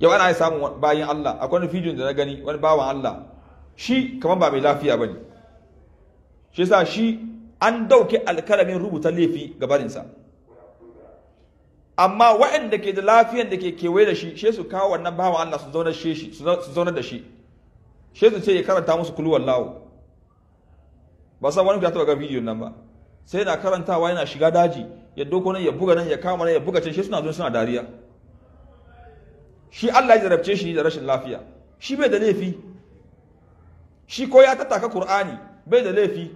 yau ana samun bayan Allah akwai wani bidiyon da na gani wani bawan Allah shi kamar ba mai lafiya ba ne shi sa shi an dauke alkalamin rubuta laifi gabarinsa amma waɗanda ke da lafiyan da ke kewaye da shi shi su kawo wannan bawan Allah su zauna shi su zauna da shi shi su ce ya karanta musu kulwar lawo ba san wani ya taba ga bidiyon nan ba sai na karantawa yana shiga daji ya doko nan ya buga nan ya kama nan ya buga can shi suna zuwa suna dariya shi Allah ya zarabce shi da rashin lafiya shi bai da laifi shi ko ya tattaka Qur'ani bai da laifi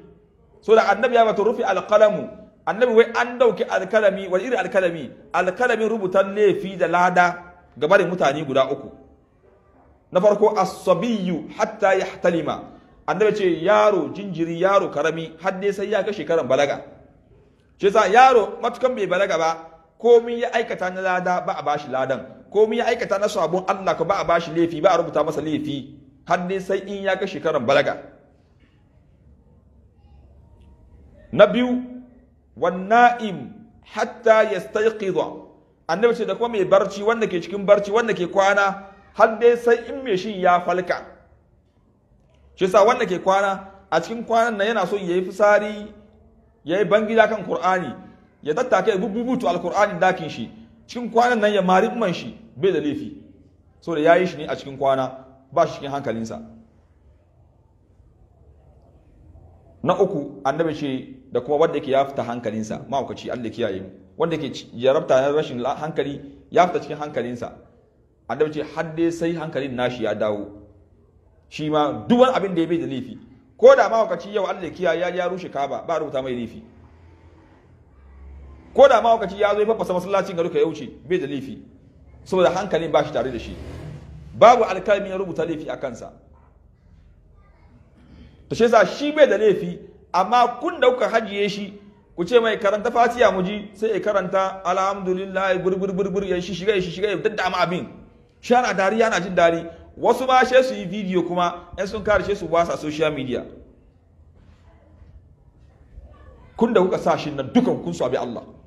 so da annabi ya bata rufi alqalamu annabi wai an dauki alkalami wani iri alkalami alkalamin rubutan laifi da lada ga barin mutane guda uku na farko as-sabiyyu hatta yahtalima annabi ce yaro jinjiri yaro karami har dai sai ya kashe shekaran balaga ce sa yaro matukan bai balaga ba komai ya aikata na lada ba a bashi ladan komai ya aikata na sabon Allah ka ba a bashi laifi ba a rubuta masa laifi har dai sai in ya ga shekaran balaga na biyu wanna'im hatta yastayqidha annabi ce da kuma mai barci wanda ke cikin barci wanda ke kwana har dai sai in mai shi ya falka shi sa wanda ke kwana a cikin kwanan nan yana so ya yi fisari ya yi bangida kan Kur'ani, ya tattaka ya bubutu alkur'ani dakin shi cikin kwanan nan ya mari man shi bai da laifi so da ya yi shi ne a cikin kwana ba shi cikin hankalinsa na uku annabi ce da kuma wanda ke ya fita hankalinsa ma'aukaci Allah kiyaye mu wanda ke jarabta na rashin hankali ya fita cikin hankalinsa annabi ce har dai sai hankalin nashi ya dawo shi ma duban abin da ya bai da laifi ko da ma'aukaci yau Allah kiyaye ya ya rushe kaba ba rubuta mai laifi ko da ma'aukaci ya zo ya fafasa masallacin garuka ya wuce bai da laifi saboda hankali ba shi tare da shi babu alkalmi ya rubuta laifi a kansa ta shi shi bai da laifi amma kun da kuka hajiye shi ku ce mai karanta fatiya mu ji sai ya karanta alhamdulillah gurgurgurgur ya shi shiga ya shi shiga ya daddama abin shi ana dari yana jin dari wasu ma she su yi video kuma in sun karshe su wasa social media kun da kuka sa shi nan dukan kun su abi Allah